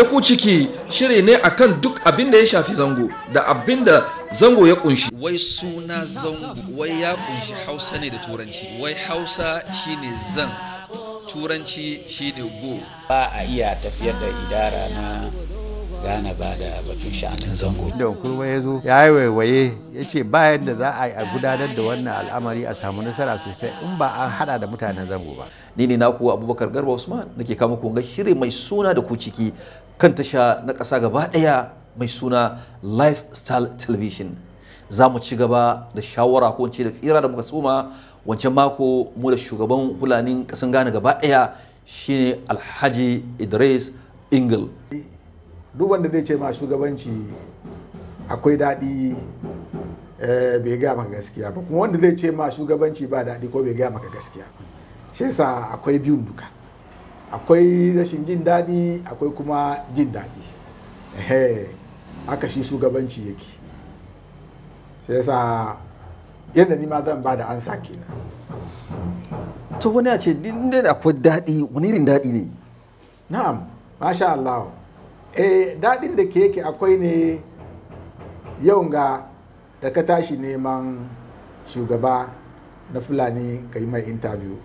da ku ciki shiri ne akan duk abin da ya shafi zango da abin da zango ya kunshi wai suna zango wai ya kunshi hausa ne da turanci wai hausa shine zan turanci shine go ba a iya tafiyar da idara na gane ba da batun sha'anin zango. Da kurwa ya zo ya yi waiwaye ya ce bayan da za a gudanar da wannan al'amari a samu nasara sosai in ba an hada da mutanen zango ba. Ni ne naku Abubakar Garba Usman da ke kama kunga shirin mai suna da ku ciki kan tasha na ƙasa gaba ɗaya mai suna lifestyle television za mu ci gaba da shawara ko da tsira da muka soma wancan mako mu da shugaban hulanin ƙasan gane gaba ɗaya shine alhaji idris ingil duk wanda zai ce ma shugabanci akwai daɗi eh, bai gaya maka gaskiya ba kuma wanda zai ce ma shugabanci ba daɗi ko bai gaya maka gaskiya ba shi yasa akwai biyun duka akwai rashin jin daɗi akwai kuma jin daɗi aka shi shugabanci yake shi yasa yadda ni ma zan ba da ansa kenan to wani a ce da akwai daɗi wani irin daɗi ne na'am masha Allah eh daɗin da ke yake akwai ne yau ga da ka tashi neman shugaba na fulani ka yi mai interview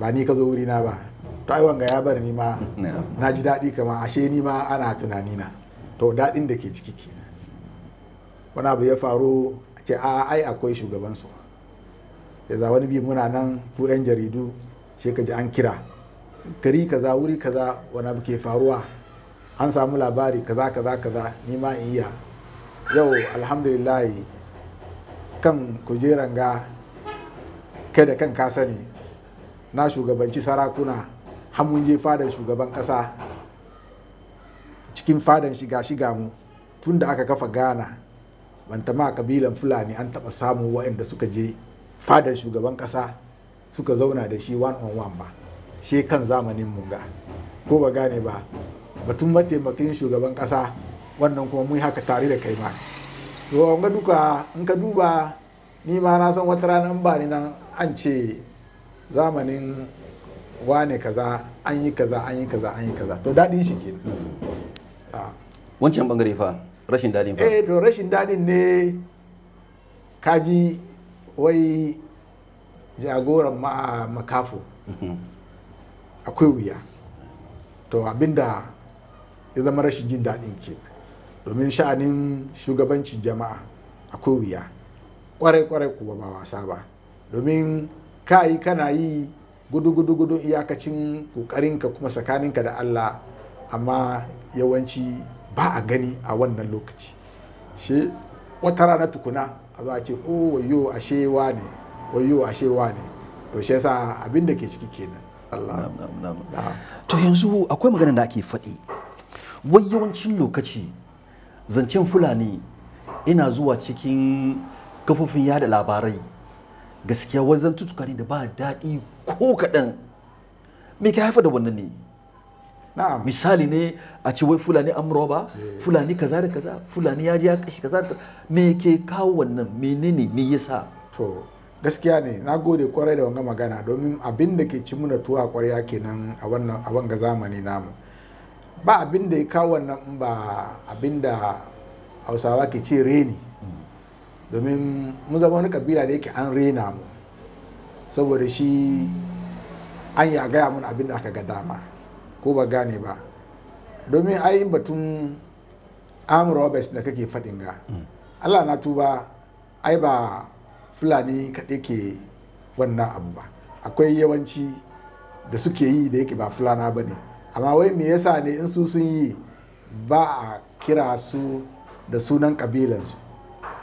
ba ni ka zo wurina ba to ai wanga ya bar ni ma na ji daɗi kama ashe ni ma ana tunani na to daɗin da ke ciki ke wani abu ya faru a ce a ai akwai shugaban su za wani bi muna nan ku jaridu she ka ji an kira gari kaza wuri kaza wani abu ke faruwa an samu labari kaza kaza kaza ni ma in iya yau alhamdulillahi kan kujeran ga kai da kan ka sani na shugabanci sarakuna mun je fadan shugaban kasa cikin fadan shiga shiga mu tun da aka kafa ghana ta ma kabilan fulani an taba samu waɗanda suka je fadan shugaban kasa suka zauna da shi one on one ba shi kan zamanin munga ko ba gane ba batun mataimakin shugaban kasa wannan kuma mun haka tare da kai ma to an ga duka in ka duba ni ma na san wata rana ba ni nan an ce zamanin wane kaza an yi kaza an yi kaza an yi kaza to daɗin shi ke hmm. wancan bangare fa rashin daɗin fa eh to rashin daɗin ne kaji wai jagoran ma makafo hmm. akwai wuya to abinda ya zama rashin jin daɗin ke domin sha'anin shugabancin jama'a akwai wuya kwarai kwarai kuwa ba wasa ba domin ka yi kana yi gudu gudu gudu iyakacin kokarinka kuma tsakaninka da Allah amma yawanci ba a gani a wannan lokaci shi wata rana tukuna a zuwa ce o oh, wayo ashe ne wayo ashe ne to shi yasa abin da ke ciki kenan Allah to yanzu akwai magana da ake faɗi wai yawancin lokaci zancen fulani ina zuwa cikin kafofin yada labarai gaskiya wazan tutukari da ba daɗi ko kaɗan me ka haifa da wannan ne misali ne a ce wai fulani an roba eh. fulani kaza da kaza fulani ya ji ya kashi kaza da me ke kawo wannan menene me yasa to gaskiya ne na gode kwarai da wanga magana domin abin da ke cimu da tuwa kwarya kenan a wannan a wanga zamani namu ba abin da ya kawo wannan ba abin da hausawa ke ce reni mm. domin mu zama wani kabila da yake an rena mu saboda shi an ya gaya mun abin da aka ga dama ko ba gane ba domin ai batun am roberts da kake faɗin ga mm. allah na tuba ai ba fulani kaɗai ke wannan abu ba akwai yawanci da suke yi da yake ba fulana ba ne amma wai me yasa ne in su sun yi ba a kira su da sunan kabilansu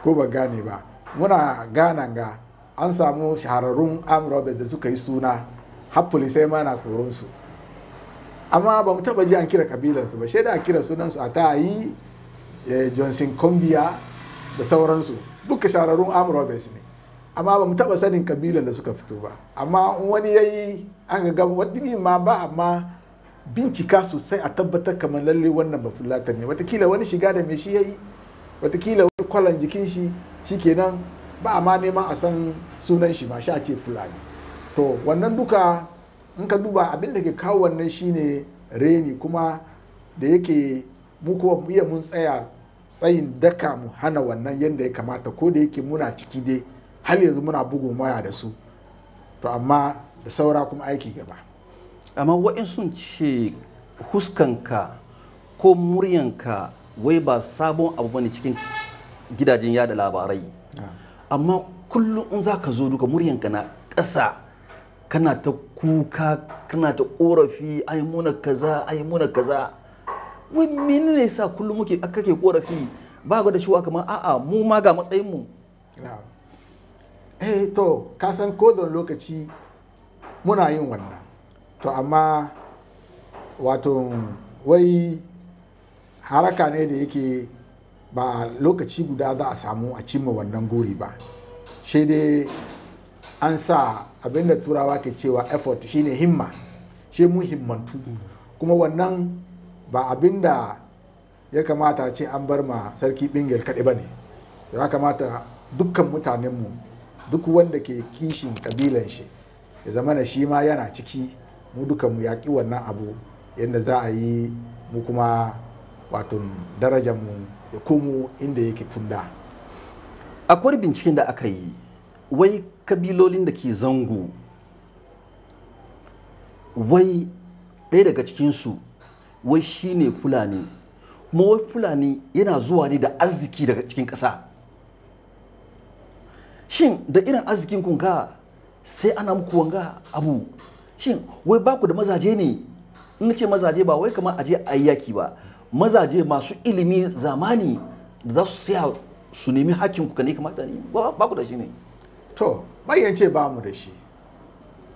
ko ba gane ba muna gana ga an samu shahararrun robert da suka yi suna har sai ma na tsoronsu amma ba mu taba ji an kira kabilansu ba shaida a kira sunansu a ta yi eh, johnson combiya da sauransu duka shahararrun robert ne amma ba mu taba sanin kabilan da suka fito ba amma wani ya yi an ga wani ma ba amma bincika sosai a tabbatar kamar lalle wannan ba fulatar ne watakila wani shiga da mai shi ya yi watakila wani kwalan jikin shi shi kenan ba a ma neman a san sunan shi ma sha ce fulani to wannan duka in ka duba abin da ke kawo wannan shine reni kuma da yake mu kuma iya mun tsaya tsayin daka mu hana wannan yadda ya kamata ko da yake muna ciki dai har yanzu muna bugun waya da su to amma da saura kuma aiki gaba amma wa'in sun ce huskanka ko muryanka wai ba sabon abu bane cikin gidajen yada labarai amma kullum in za ka zo duka muryanka na ƙasa kana ta kuka kana ta ƙorafi yi muna kaza yi muna kaza wai mene ne sa kullum muke kake ƙorafi ba ga da shiwa kamar a'a mu ma ga matsayin mu eh to ka san ko lokaci muna yin wannan to amma wato wai haraka ne da yake ba lokaci guda za a samu a cimma wannan gori ba shi dai an sa abinda turawa ke cewa effort shine himma shi mun himmantu kuma wannan ba abinda ya kamata ce an bar ma sarki bingel kaɗai ba ne ya kamata dukkan mutanenmu duk wanda ke kishin kabilan shi ya zama na shi ma yana ciki mu duka mu yaƙi wannan abu yadda za a yi mu kuma wato darajar mu ya komo inda yake tunda akwai binciken da aka yi wai kabilolin da ke zango wai ɗaya daga cikinsu wai shi ne fulani kuma wai fulani yana zuwa ne da arziki daga cikin ƙasa shin da irin arzikin kunka sai ana muku wanga abu shin wai baku da mazaje ne in ce mazaje ba wai kamar aje a yaki ba mazaje masu ilimi zamani da za su saya su nemi hakkin ku ne kamata ne ba ku da shi ne to bayan ba mu da shi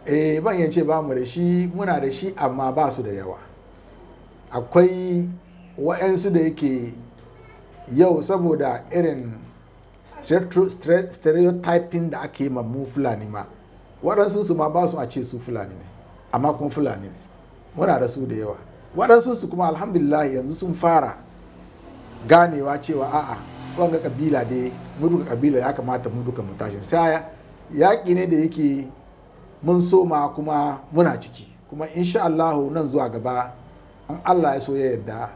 eh bayan ba mu da shi muna da shi amma ba su da yawa akwai wa'ansu da yake yau saboda irin stereotyping da ake yi mu fulani ma waɗansu su ma ba su a ce su fulani ne amma kuma fulani ne muna da su da yawa waɗansu su kuma alhamdulillah yanzu sun fara ganewa cewa a'a wanga kabila dai mu kabila ya kamata mu mu tashi sai yaƙi ne da yake mun soma kuma muna ciki kuma insha Allahu nan zuwa gaba an Allah ya so ya yarda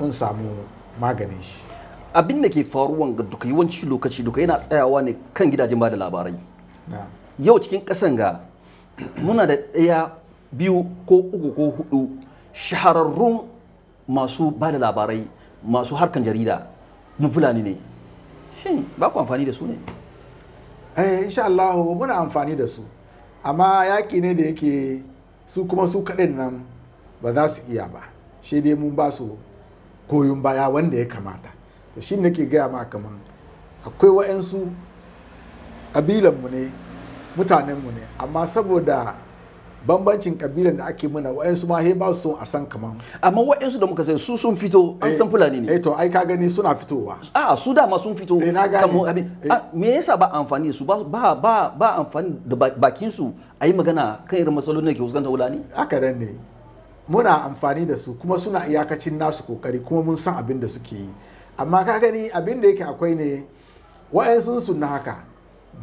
mun samu maganin shi abin da ke faruwan ga duka yawanci lokaci duka yana tsayawa ne kan gidajen bada labarai yau cikin ƙasan ga muna da ɗaya biyu ko uku ko hudu shahararrun masu ba da labarai masu harkan jarida mu fulani ne shin ba ku amfani da su ne eh insha Allah muna amfani da su amma yaki ne da yake su kuma su kaɗin nan ba za su iya ba shi dai mun ba su koyon baya wanda ya kamata to shi nake gaya ma kaman akwai wa'yansu mu ne mutanen mu ne amma saboda bambancin kabilan da ake muna wa'ansu ma he ba su son a san kaman amma wa'ansu da muka sai su sun fito an san eh, fulani ne eh to ai ka gani suna fitowa a su dama sun fito eh, kamar abin eh. me yasa ba amfani su ba ba ba amfani da bakin su a yi magana kan irin matsalolin da ke fuskantar wulani haka nan ne muna amfani da su kuma suna iyakacin nasu kokari kuma mun san abin da suke yi amma ka gani abin da yake akwai ne wa'ansu sun na haka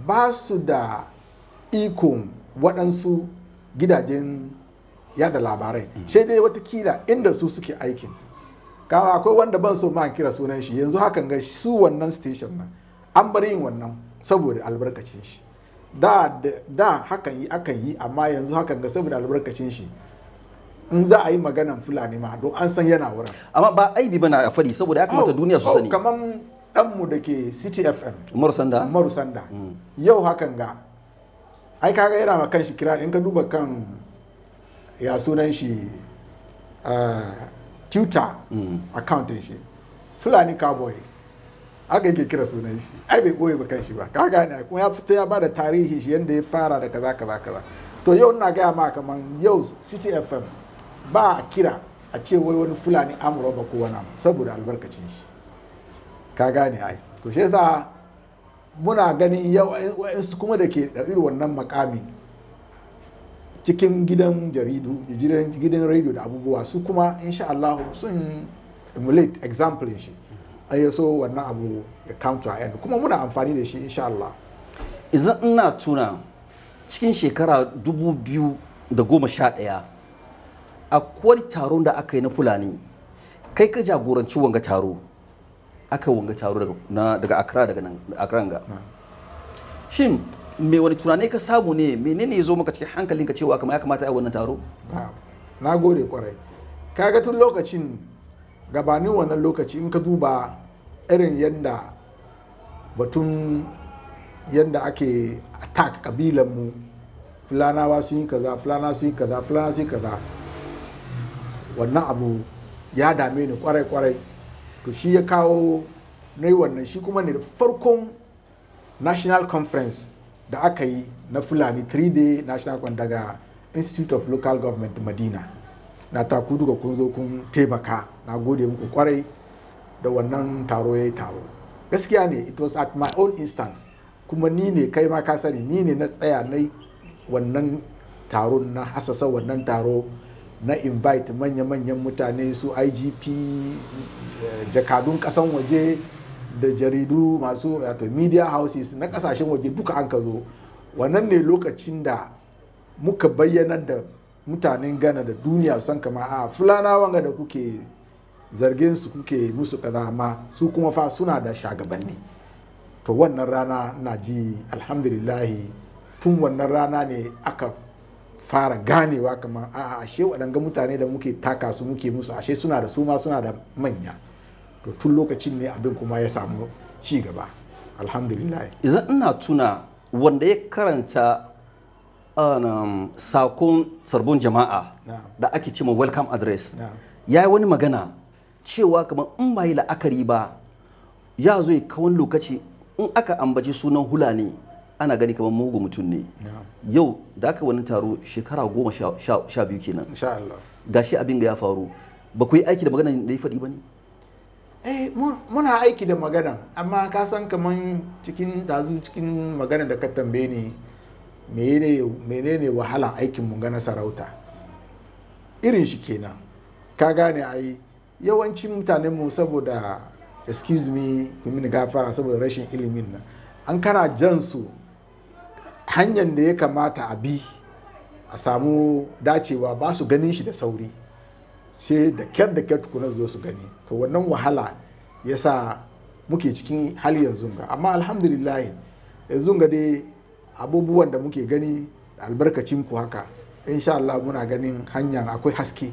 ba su da ikon waɗansu gidajen yada labarai mm. sai dai watakila inda su suke aikin kawo akwai wanda ban so ma kira sunan shi yanzu hakan ga su wannan station na an bar yin wannan saboda albarkacin shi da da hakan yi akan yi amma yanzu hakan ga saboda albarkacin shi in za a yi maganan fulani ma don an san yana wurin amma ba aibi bana a fari saboda ya kamata oh, duniya su oh, sani kaman danmu da ke fm marusanda marusanda mm. yau hakan ga ai kaga yana ma kanshi kirari in ka duba kan ya sunan shi tuta mm. account shi fulani cowboy aka yake kira sunan shi ai bai goye ba kanshi ba ka gane kuma ya fita ya ba da tarihi shi yadda ya fara da kaza kaza kaza to yau ina gaya ma kaman yau city fm ba a kira a ce wai wani fulani amuro ba ko wani saboda albarkacin shi ka gane ai to shi yasa muna ganin wa'insu kuma da ke da wannan makami cikin gidan jaridu gidan radio da abubuwa su kuma insha Allah sun emulate example shi an yi wannan abu ya to end kuma muna amfani da shi insha Allah idan ina tuna cikin shekara 2011 akwai taron da aka yi na fulani kai ka jagoranci wanga taro aka wanga taro daga akra daga nan Accra shin me wani tunani ka samu ne menene yazo maka cikin hankalinka cewa kamar ya kamata a wannan taro na gode kwarai kaga tun lokacin gabanin wannan lokaci in ka duba irin yadda batun yadda ake attack kabilan mu. fulanawa sun yi kaza fulana sun yi kaza fulana sun yi kaza wannan abu ya dame ni kwarai kwarai to shi ya kawo na yi wannan shi kuma ne da farkon national conference da aka yi na fulani 3-day national conference daga institute of local government madina na taku duka kun zo kun taimaka na gode muku kwarai da wannan taro ya yi taro gaskiya ne it was at my own instance kuma ni ne kai ma ka sani ni ne na tsaya na wannan taron na hasasa wannan taro na invite manya-manyan mutane su igp eh, jakadun kasan waje da jaridu masu wato media houses na kasashen waje duka an ka zo wannan ne lokacin da muka bayyana da mutanen gana da duniya san kama a ah, fulana wanga da kuke zargin su kuke musu kaza ma su kuma fa suna da shagabanni to wannan rana na ji alhamdulillahi tun wannan rana ne aka fara ganewa kamar a ashe waɗanga mutane da muke taka su muke musu ashe suna da su suna da manya to tun lokacin ne abin kuma ya samu ci gaba alhamdulillah idan ina tuna wanda ya karanta sakon sarbon jama'a da ake cewa welcome address ya yi wani magana cewa kamar in bai yi la'akari ba ya zo ya kawon lokaci in aka ambaci sunan hulani ana gani kamar mugu mutum ne yau da aka wani taro shekara goma sha biyu kenan ga shi abin ga ya faru ba ku yi aiki da magana da ya faɗi ba ne eh muna aiki da magana amma ka san kaman cikin dazu cikin magana da ka tambaye ni menene wahalan aikin mun gana sarauta irin shi kenan ka gane ai yawancin mutanen mu saboda excuse me ku mini gafara saboda rashin ilimin nan an kana jan su hanyar da ya kamata a bi a samu dacewa ba su ganin shi da sauri sai da kyar da kyar tukuna zo su gani to wannan wahala ya sa muke cikin hali yanzu ga amma alhamdulillah yanzu ga dai abubuwan da muke gani albarkacin ku haka insha Allah muna ganin hanyar akwai haske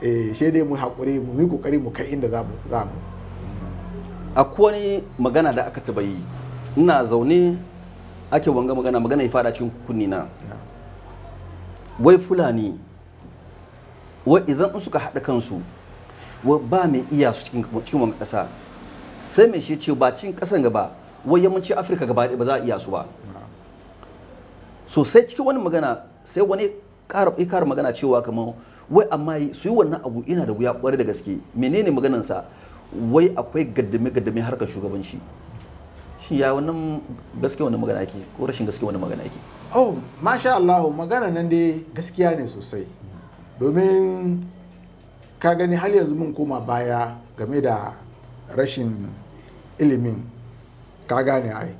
eh sai dai mu haƙuri mu yi ƙoƙari mu kai inda za mu za mu akwai magana da aka taba yi ina zaune ake wanga magana magana ya fada cikin kunni na wai fulani wai idan suka haɗa kansu wai ba mai iya su cikin wanga ƙasa sai mai shi ce ba cikin ƙasan gaba wai yammacin afirka gaba ba za a iya su ba so sai cikin wani magana sai wani ƙara magana cewa kamar wai amma su yi wannan abu yana da wuya kware da gaske menene maganansa wai akwai gaddame gaddame harkar shugabanci shi ya wannan gaske wani magana yake ko rashin gaske wani magana yake oh masha Allah magana nan dai gaskiya ne sosai domin ka gani har yanzu mun koma baya game da rashin ilimin ka gane ai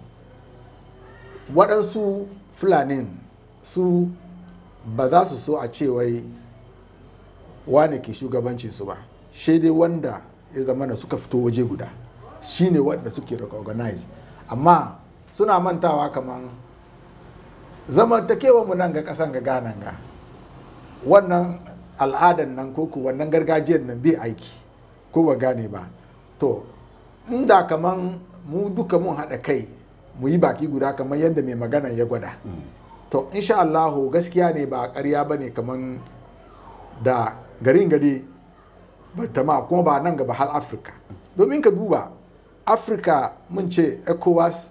waɗansu fulani su ba za su so a cewai wane ke shugabancin su ba dai wanda ya zama na suka fito waje guda shine wanda suke recognize amma suna mantawa kaman zamantakewa mu nan ga kasan ga ganan ga wannan al'adan nan ko wannan gargajiyar nan bai aiki ko ba gane ba to inda kamar mu duka mun haɗa kai mu yi baki guda kamar yadda mai magana ya gwada hmm. to insha Allahu gaskiya ne ba ƙarya ba ne kaman da garin gari ba kuma ba nan gaba har afirka domin ka duba afirka mun ce ecowas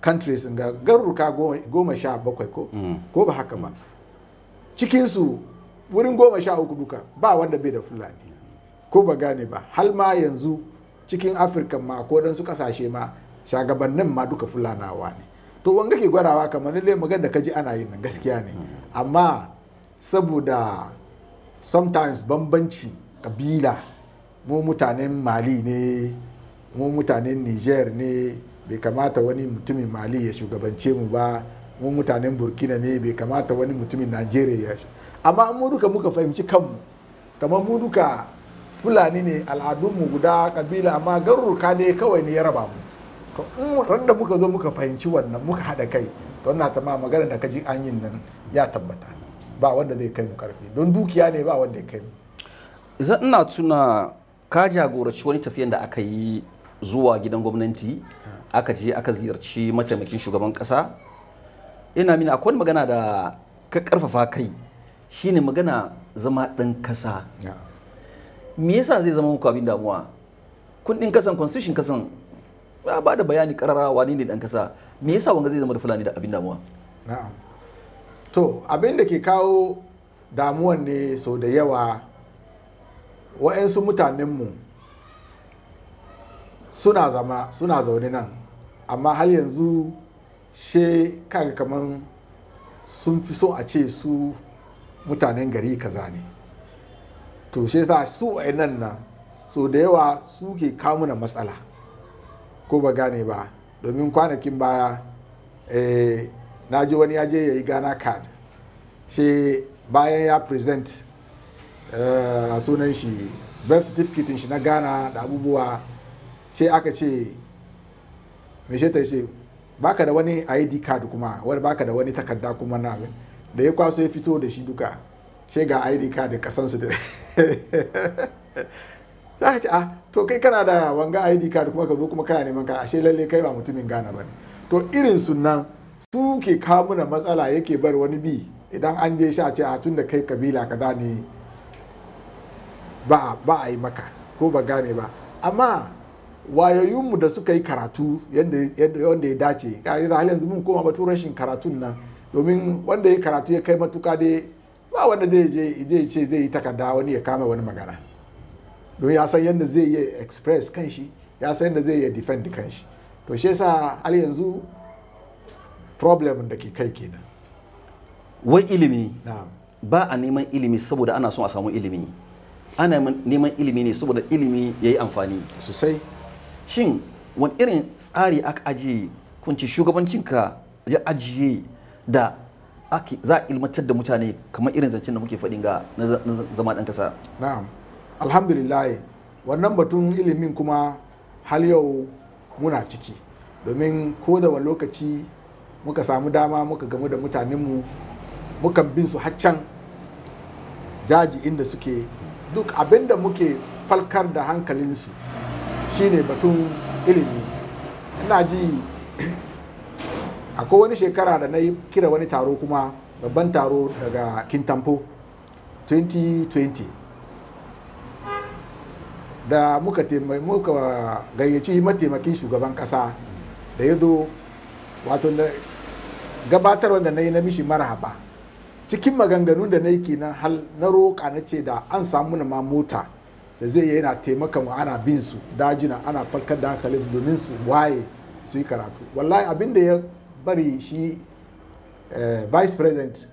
countries ga garuruka goma sha bakwai mm. ko ba haka ba cikinsu wurin goma sha uku duka ba wanda bai da fulani ko ba gane ba hal ma yanzu cikin afirka ma ko dan su kasashe ma shagabannin ma duka fulanawa ne to wanga ke gwadawa kamar lalle magan da kaji ana yin gaskiya ne mm. amma saboda sometimes bambanci kabila mu mutanen mali ne mu mutanen niger ne bai kamata wani mutumin mali ya shugabance mu ba mu mutanen burkina ne bai kamata wani mutumin nigeria ya amma mu duka muka fahimci kanmu kamar mu fulani ne al'adunmu guda kabila amma garuruka ne kawai ne ya raba mu to in da muka zo muka fahimci wannan muka haɗa kai to ina ta ma magana da kaji an yin nan ya tabbata ba wanda zai kai mu karfi don dukiya ne ba wanda ya kai mu ina tuna ka jagoraci wani tafiyan da aka yi zuwa gidan gwamnati aka je aka ziyarci mataimakin shugaban kasa ina mini akwai magana da ka karfafa kai shine magana zama ɗan kasa me yasa zai zama muku abin damuwa kundin kasan constitution kasan ba da bayani karara wani ne dan kasa me yasa wanga zai zama da fulani da abin damuwa na'am to abin da ke kawo damuwan ne sau da yawa wa'yansu mutanenmu suna zama suna zaune nan amma har yanzu she kaga kaman sun fi so a ce su mutanen gari kaza ne to she za su a nan na so da yawa su ke kamuna matsala ko ba gane ba domin kwanakin baya eh, na ji wani ya je ya yi gana card she bayan ya present eh, sunan shi birth certificate shi na ghana da abubuwa sai aka ce mai ta ce baka da wani id card kuma wani baka da wani takarda kuma na abin da ya kwaso ya fito da shi duka sai ga id card kasansu da za ce a ah, to kai kana da wanga id card kuma ka zo kuma kana neman ka ashe lalle kai ba mutumin gana ba to irin sunan su ke kamuna matsala yake bar wani bi idan an je sha ce a ah, tun da kai kabila da ne ba a yi maka ko ba gane ba amma wayoyinmu da suka yi karatu yadda ya dace kaga hal yanzu zumin koma batu rashin karatun nan domin wanda ya karatu ya kai matuka dai ba wanda zai je ce zai yi takarda wani ya kama wani magana don ya san yadda zai yi express kanshi ya san yadda zai yi defend kanshi to shi yasa hal yanzu problem da ke kai kenan wai ilimi ba a neman ilimi saboda ana son a samu ilimi ana neman ilimi ne saboda ilimi ya yi amfani sosai shin wani irin tsari aka ajiye kunci shugabancinka ya ajiye da za a ilmantar da mutane kamar irin zancen da muke faɗin ga na zama ɗan ƙasa na'am alhamdulillah wannan batun ilimin kuma har yau muna ciki domin ko da wani lokaci muka samu dama muka gamu da mutanenmu muka bin su haccan daji inda suke duk abinda muke falkar da hankalinsu shine batun ilimi ina ji akwai wani shekara da na yi kira wani taro kuma babban taro daga kintampo 2020 da muka, gayyaci mataimakin shugaban kasa da ya zo wato gabatar wanda na yi na mishi marhaba cikin maganganun da na yi kenan na roƙa na ce da an samu na ma mota da zai yana taimaka mu ana bin su dajina ana farkar da hankali domin su waye su yi karatu wallahi abin da ya bari shi eh, vice president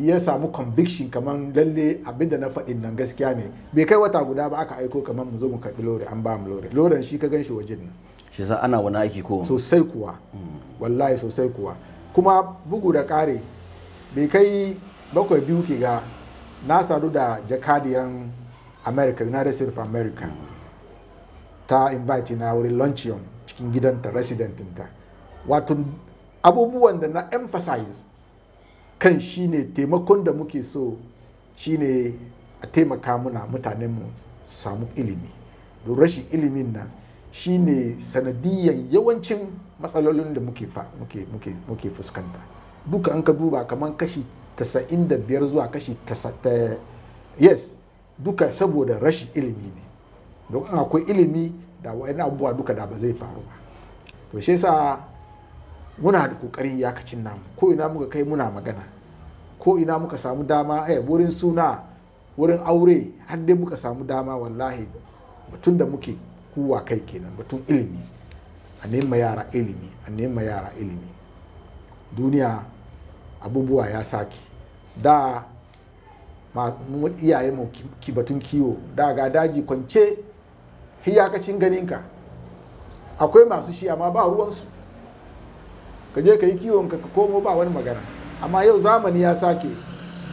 ya samu conviction kamar lalle abin da na faɗin nan gaskiya ne bai kai wata guda ba aka aiko kamar mu zo mu karɓi lori an ba mu lori loren shi ka gan shi wajen nan shi sa ana wani aiki ko sosai kuwa hmm. wallahi sosai kuwa kuma bugu da kare bai kai bakwai biyu ke ga na sadu da jakadiyan america united states of america ta invite na wurin luncheon cikin gidanta residentinta wato abubuwan da na emphasize kan shine taimakon da muke so shine a taimaka muna mutanenmu su samu ilimi don rashin ilimin nan shine sanadiyan yawancin matsalolin da muke fuskanta duka an ka duba kamar kashi 95 zuwa kashi eh, yes duka saboda rashin ilimi ne don an akwai ilimi da wa'in abubuwa duka da ba zai faru ba to shi yasa muna da kokari yakacin namu ko ina muka kai muna magana ko ina muka samu dama eh wurin suna wurin aure har dai muka samu dama wallahi batun da muke kuwa kai kenan batun ilimi a nema yara ilimi a nema yara ilimi duniya abubuwa ya sake da iyayenmu mu batun kiwo daga daji kwance hiyakacin ganinka akwai masu shi amma ba ruwansu ka je ka yi kiwon ka komo ba wani magana amma yau zamani ya sake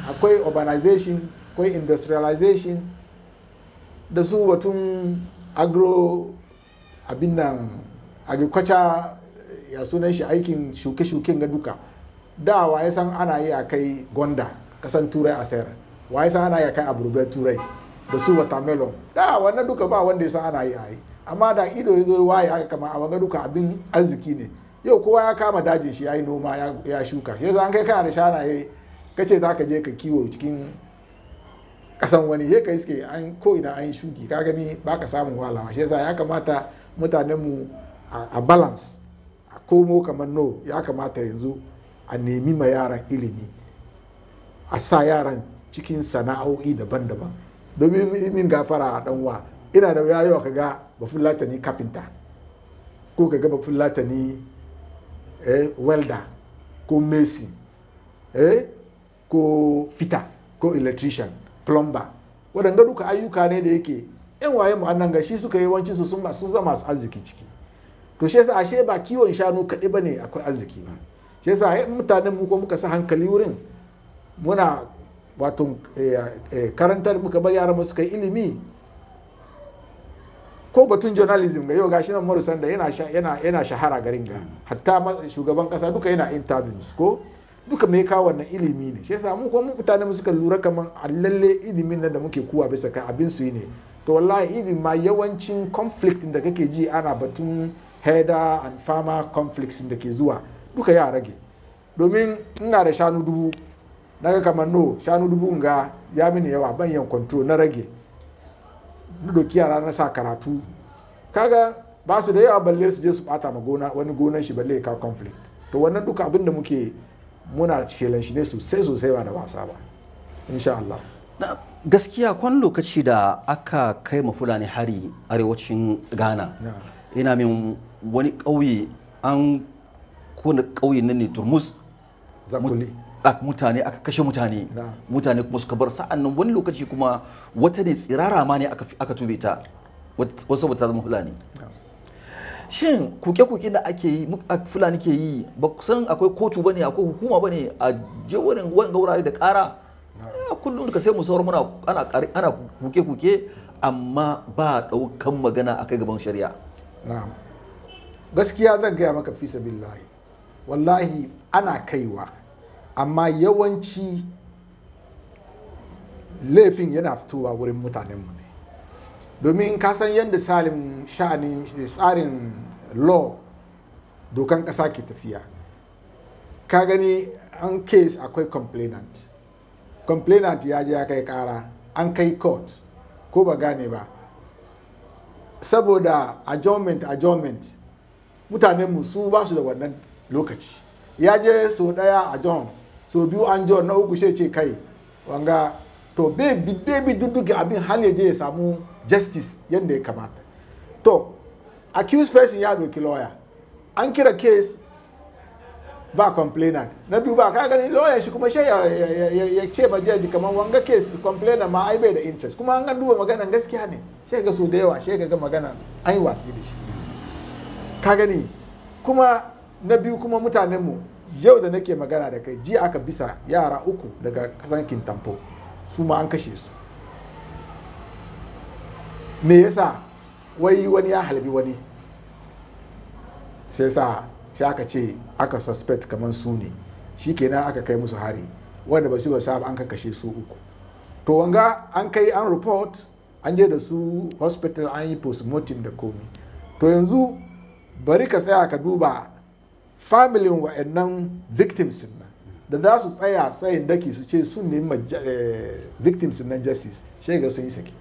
akwai urbanization akwai industrialization da su batun agro abin nan ya sunan shi aikin shuke-shuken ga duka dawa ya san ana yi a kai gonda kasan turai a sayar waye san ana kai akan abubuwan turai da su watermelon da wannan duka ba wanda ya san ana yi a amma da ido ya zo waye haka kama a wanga duka abin arziki ne yau kowa ya kama dajin shi ya yi noma ya shuka shi zan kai kana da shanaye ka kace za ka je ka kiwo cikin kasan wani sai ka iske an ko ina an shuki ka gani ba ka samun walawa shi yasa ya kamata mutanen mu a balance a komo kamar no ya kamata yanzu a nemi ma yaran ilimi a sa yaran cikin sana'o'i daban-daban domin min gafara a wa ina da wuya yawa kaga bafin latani kafinta ko kaga bafin latani eh, welda ko mason eh, ko fita ko electrician plumber waɗanda duka ayyuka ne da yake yan waye mu annan gashi suka yi wancin su sun zama su arziki ciki to shi yasa ashe ba kiwon shanu ba ne akwai arziki ba shi yasa mutanen mu ko muka sa hankali wurin muna wato eh, eh, karantar muka bar yara musu kai ilimi ko batun journalism ga yau gashi nan marusan da yana shahara garin ga hatta shugaban kasa duka yana interviews ko duka mai kawo wannan ilimi ne shi yasa mu kuma mutane mu suka lura kaman allalle ilimin nan da muke kuwa bisa kai abin su ne to wallahi even ma yawancin conflict da kake ji ana batun header and farmer conflicts da ke zuwa duka ya rage domin ina da shanu dubu na kamar no shanu dubu nga ya mini yawa banyan kwanto na rage na doki yara na sa karatu kaga ba su da yawa balle su je su bata ma gona wani gonan shi balle ka conflict to wannan duka abin da muke muna shelan shi ne sosai sosai ba da wasa ba insha Allah gaskiya kwan lokaci da aka kai ma fulani hari arewacin Ghana ina min wani ƙauye an kuna ƙauye nan ne turmus zakuli mutane aka kashe mutane mutane kuma suka bar sa'an nan wani lokaci kuma wata ne tsirara ma ne aka tube ta wasu ba ta zama fulani shin kuke-kuke da ake yi fulani ke yi ba san akwai kotu ba ne akwai hukuma ba a jewarin wanga da kara kullum ka sai mu muna ana kuke-kuke amma ba daukan magana a kai gaban shari'a gaskiya zan gaya maka fi sabillahi wallahi ana kaiwa amma yawanci laifin yana fitowa wurin mutanenmu ne domin ka san yadda salim sha'anin tsarin law dokan ƙasa ke tafiya ka gani an case akwai complainant complainant ya je ya kai ƙara an kai court ko ba gane ba saboda adjournment adjournment mutanenmu su basu da wannan lokaci ya je so ɗaya adjournment so biyu an ji na uku sai ce kai wanga to bai bi dudduga abin hal ya je ya samu justice yadda ya kamata to accused person ya doki lawyer an kira case ba complainant na biyu ba kaga gani lawyer shi kuma shai ya ce ma jaji kamar wanga case complainant ma ai bai da interest kuma an duba magana gaskiya ne sai ga so da yawa sai ga magana an yi wasi da shi ka gani kuma na biyu kuma mutanenmu yau da nake magana da kai ji aka bisa yara uku daga kasan tamfo su ma an kashe su me yasa wai wani ya halbi wani sai sa sai aka ce aka suspect kamar su ne shi kenan aka kai musu hari wanda ba su ba sa an kashe su uku to wanga an kai an report an je da su hospital an yi postmortem da komi to yanzu bari ka tsaya ka duba familin wa'annan victims na da za su tsaya tsayin daki su ce sun ne eh, victims na justice shega sun yi sake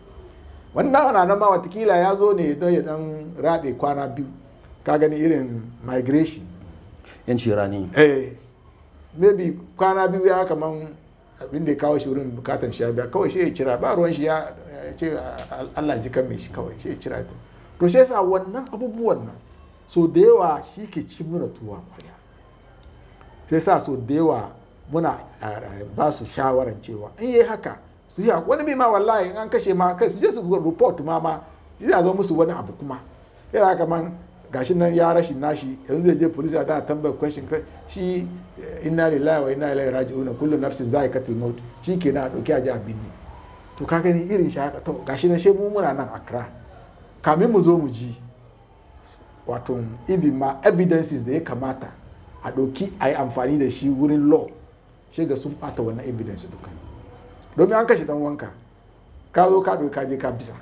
wannan ana nan ma watakila ya zo ne don ya dan raɗe kwana biyu ka gani irin migration yan shirani eh maybe kwana biyu ya kaman abin da ya kawo shi wurin bukatan shi biya kawai shi ya kira ba ruwan shi ya ce Allah ji kan mai shi kawai shi ya kira ta to shi yasa wannan abubuwan nan so da yawa shi ke ci muna tuwa kwarya sai sa so da yawa muna ba su shawaran cewa in yi haka su yi haka wani bi ma wallahi in an kashe ma kai su je su report ma ma yana zo musu wani abu kuma yana kaman gashi nan ya rashin nashi yanzu zai je polisi a tana tambayar question kai shi eh, inna lillahi wa inna ilaihi raji'un kullu nafsin za'iqatul maut shi kenan a dauki ji a binne to ka gani irin shi haka to gashi nan shemu muna nan kira kamin mu zo mu ji wato even ma evidences da ya kamata a ɗauki a yi amfani da shi wurin law shi ga sun ɓata wannan evidence duka domin an kashe dan wanka ka zo ka ɗauka je ka bisa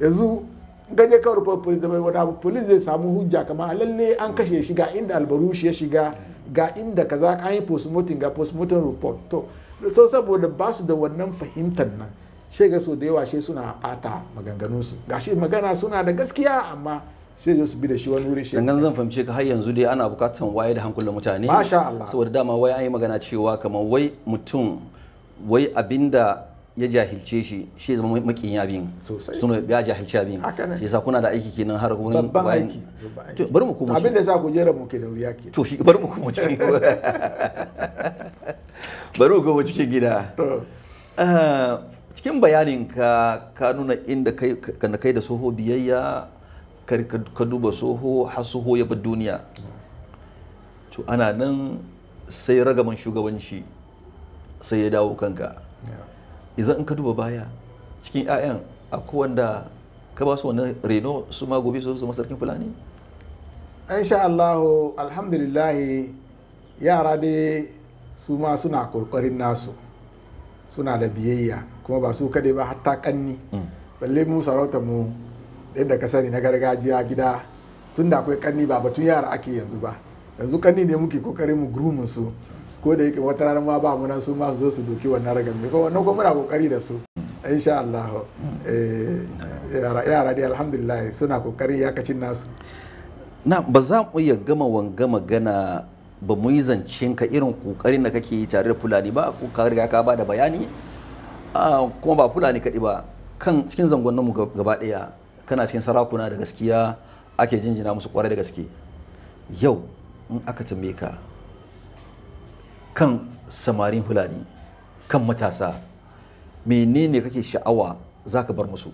yanzu gaje ka rufe polis da wada polis zai samu hujja kama lalle an kashe shi ga inda albarushi ya shiga ga inda kaza an yi postmortem ga postmortem report to so saboda ba su da wannan fahimtar nan ga so da yawa shi suna ɓata maganganunsu gashi magana suna da gaskiya amma sai zai su bi da shi wani wuri shi sannan zan fahimce ka har yanzu dai ana bukatan waye da hankulan mutane masha Allah saboda dama wai an yi magana cewa kamar wai mutum wai abinda ya jahilce shi shi zama makin abin sun ya jahilce abin shi yasa kuna da aiki kenan har wurin babban aiki to bar mu kuma abinda da ku jera mu ke da wuya ke to shi bari mu kuma cikin bari mu kuma cikin gida ah, cikin bayanin ka ka nuna inda kai da soho biyayya ka duba soho har soho ya bar duniya to ana nan sai ragaman shugabanci sai ya dawo kanka idan ka duba baya cikin 'ya'yan akwai wanda ka ba su wannan reno su ma gobe su zama sarkin fulani insha allahu alhamdulillah yara dai su ma suna kokarin nasu suna da biyayya kuma ba su kadai ba hatta kanni mm. balle mu sarauta mu yadda ka sani na gargajiya gida tun da akwai kanni ba batun yara ake yanzu ba yanzu kanni ne muke kokarin mu gurumin su ko da yake wata rana ma ba mu nan su ma su zo su doki wannan ne ko wannan ko muna kokari da su insha Allah eh, yara dai alhamdulillah suna kokari yakacin nasu na ba za mu iya gama wanga magana ba mu yi zancen ka irin kokarin da kake yi tare da fulani ba ko ka riga ka bada bayani ah, kuma ba fulani kaɗi ba kan cikin zangon namu gaba ɗaya kana cikin sarakuna da gaskiya ake jinjina musu kwarai da gaske yau in aka tambaye ka kan samarin hulani kan matasa menene kake sha'awa za ka bar musu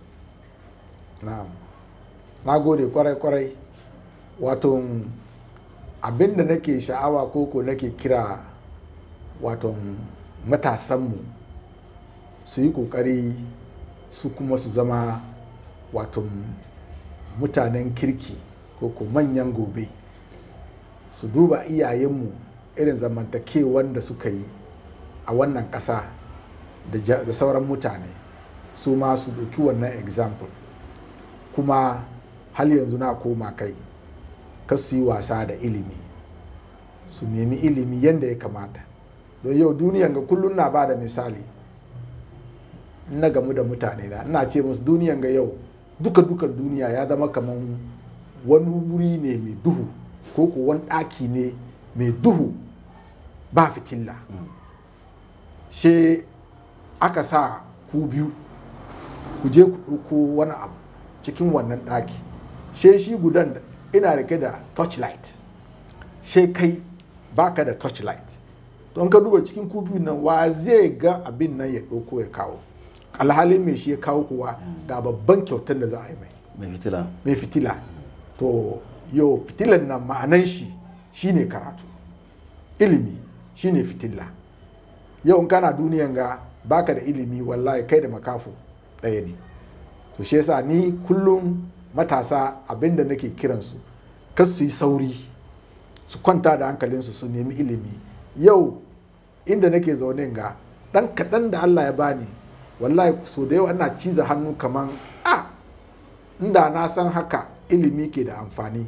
na'am na gode kwarai kwarai wato abinda nake sha'awa koko nake kira wato matasanmu su yi kokari su kuma su zama wato mutanen kirki ko ko manyan gobe su duba iyayenmu irin zamantakewan da suka yi a wannan ƙasa da sauran mutane su ma su ɗauki wannan example kuma hal yanzu na koma kai su yi wasa da ilimi su nemi ilimi yadda ya kamata don yau duniyan ga kullum na ba da misali na gamu da mutane na ina ce musu duniyan ga yau duka duka duniya ya zama kamar wani wuri ne mai duhu ko wani ɗaki ne mai duhu ba fitilla she aka sa ku biyu ku je ku ɗauko wani abu cikin wannan ɗaki she shi gudan ina rike da light she kai baka da torchlight don ka duba cikin ku biyu nan wa zai ga abin nan ya ɗauko ya kawo alhali mai shi ya kawo kuwa ga babban kyautar da za a yi mai mai fitila mai to yo fitilan nan ma'anan shi shine karatu ilimi shine fitila yau in kana duniyan ga baka da ilimi wallahi kai da makafu ɗaya ne to shi yasa ni kullum matasa abinda nake kiransu kas su yi sauri su kwanta da hankalinsu su nemi ilimi yau inda nake zaune ga ɗan kaɗan da allah ya bani wallahi so da yau ana ciza hannu kaman a ah, inda na san haka ilimi ke da amfani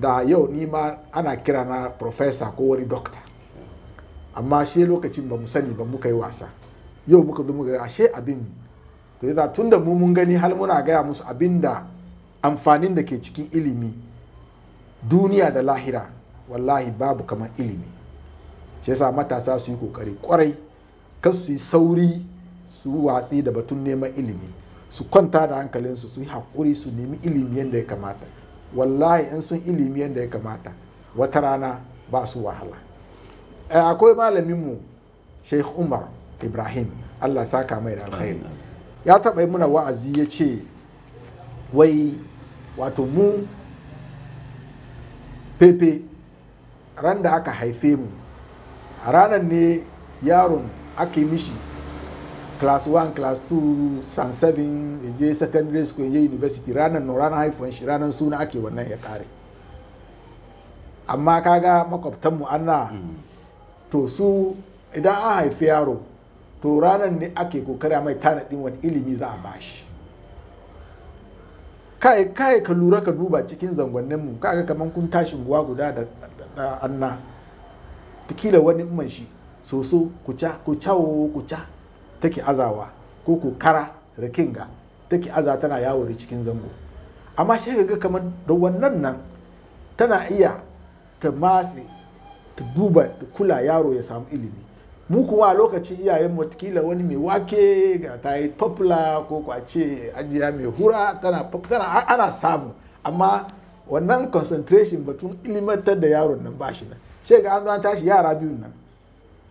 da yau ni ma ana kira na professor ko wani dokta amma shi lokacin ba mu sani ba muka yi wasa yau muka zo muka ashe abin to yadda tun da mu mun gani hal muna gaya musu abin da amfanin da ke cikin ilimi duniya da lahira wallahi babu kamar ilimi shi yasa matasa su yi kokari kwarai kar su yi sauri su watsi da batun neman ilimi su kwanta da hankalinsu su yi haƙuri su nemi ilimi yadda ya kamata wallahi in sun ilimi yadda ya kamata wata rana ba su wahala eh, akwai malaminmu sheikh umar ibrahim allah saka mai da alkhair. ya taɓa yi muna wa'azi ya ce wai wato mu fefe ran da aka haife mu a ranar ne yaron aka yi mishi class wan, class two san seven in je secondary school in je university ranar no ranar haifuwan shi ranar suna ake wannan ya kare amma kaga makwabtanmu ana to su idan an haifi yaro to ranar ne ake kokari mai tanadin wani ilimi za a bashi kai kai ka lura ka duba cikin mu kaga kamar kun tashin guwa guda da anna tikila wani man shi soso kuca ku kuca take azawa ko ko kara rakinga take aza tana yawo da cikin zango amma shi ga kamar da wannan nan tana iya ta matse ta duba ta kula yaro ya samu ilimi mu kuma a lokacin iyayen watakila wani mai wake ga ta yi popular ko kwa ce ajiya mai hura tana tana ana samu amma wannan concentration batun ilimantar da yaron nan ba shi nan sai ga an zan tashi yara biyun nan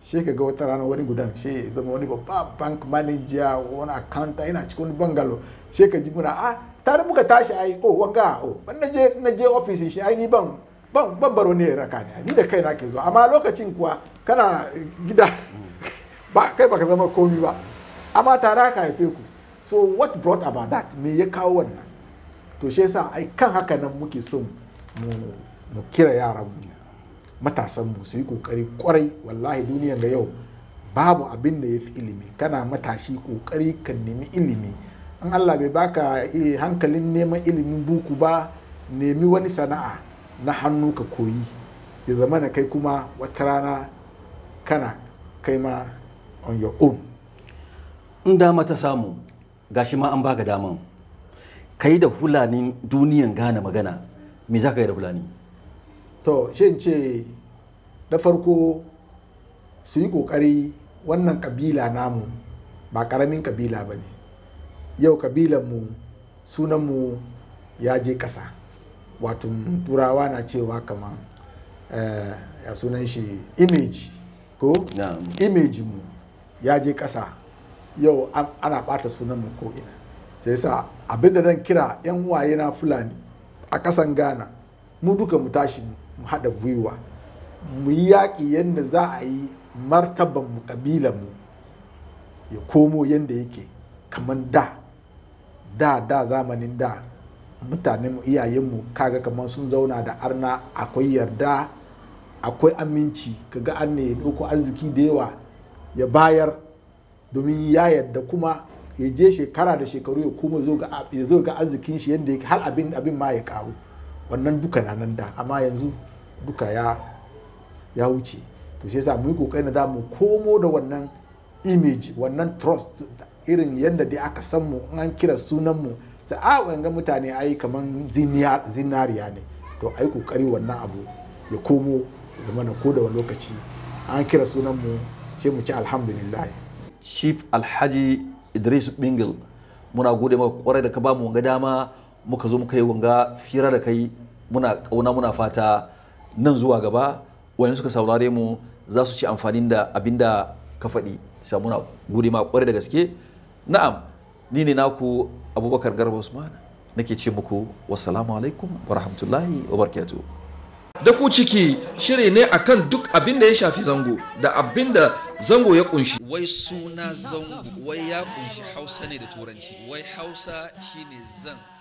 shi ka ga wata rana wani gudan shi zama wani babba bank manager wani accountant yana cikin wani bangalo shi ka ji muna a ah, tare muka tashi ai oh wanga oh ban na je na je shi ai ni ban ban ban baro ne raka ne ni da kai na ke zo amma lokacin kuwa kana gida ba kai baka zama komi ba amma tare ka haife ku so what brought about that me ya kawo wannan to shi yasa ai kan haka nan muke son mu kira yaran mu matasanmu su yi kokari kwarai wallahi duniya ga yau babu abin da ya fi ilimi kana matashi kokari ka nemi ilimi in allah bai baka eh, hankalin neman ilimin buku ba nemi wani sana'a na hannu ka koyi ya zama na kai kuma wata rana kana kai ma on your own in dama ta samu gashi ma an baka daman kai da hulanin duniyan gane magana me za ka yi da hulani to shin ce na farko su yi ƙoƙari wannan kabila namu ba karamin kabila ba ne yau kabilanmu sunanmu ya je ƙasa wato turawa na cewa kamar eh, ya sunan shi image ko image mu ya je ƙasa yau ana ɓata sunanmu ko ina sai sa abinda zan kira 'yan uwaye na fulani a ƙasan ghana mu duka mu tashi mu mu haɗa gwiwa mu yi yaƙi yadda za a yi martaban mu mu ya komo yadda yake kamar da da da zamanin da mutane mu iyayenmu kaga kamar sun zauna da arna akwai yarda akwai aminci kaga an ne ya ɗauko arziki da yawa ya bayar domin ya yarda kuma ya je shekara da shekaru ya kuma zo ga arzikin shi yadda har abin abin ma ya karu wannan duka na nan da amma yanzu duka ya ya wuce to shi yasa mu yi kokarin da mu komo da wannan image wannan trust irin yadda dai aka san mu an kira sunan mu ta a ah, wanga mutane ai kaman zinariya ne to ai kokari wannan abu ya komo da mana ko da wani lokaci an kira sunan mu sai mu ci alhamdulillah chief alhaji idris bingil muna gode maka kwarai da ka ba wanga dama muka zo muka yi wanga fira da kai muna kauna muna fata nan zuwa gaba wani suka saurare mu za su ci amfani da abin da ka faɗi samuna na ma da gaske na'am ni ne naku abubakar garba usman nake ce muku wassalamu alaikum wa rahmatullahi wa barakatuh da ku ciki shiri ne akan duk abin da ya shafi zango da abin da zango ya kunshi wai suna zango wai ya kunshi hausa ne da turanci wai hausa shine zan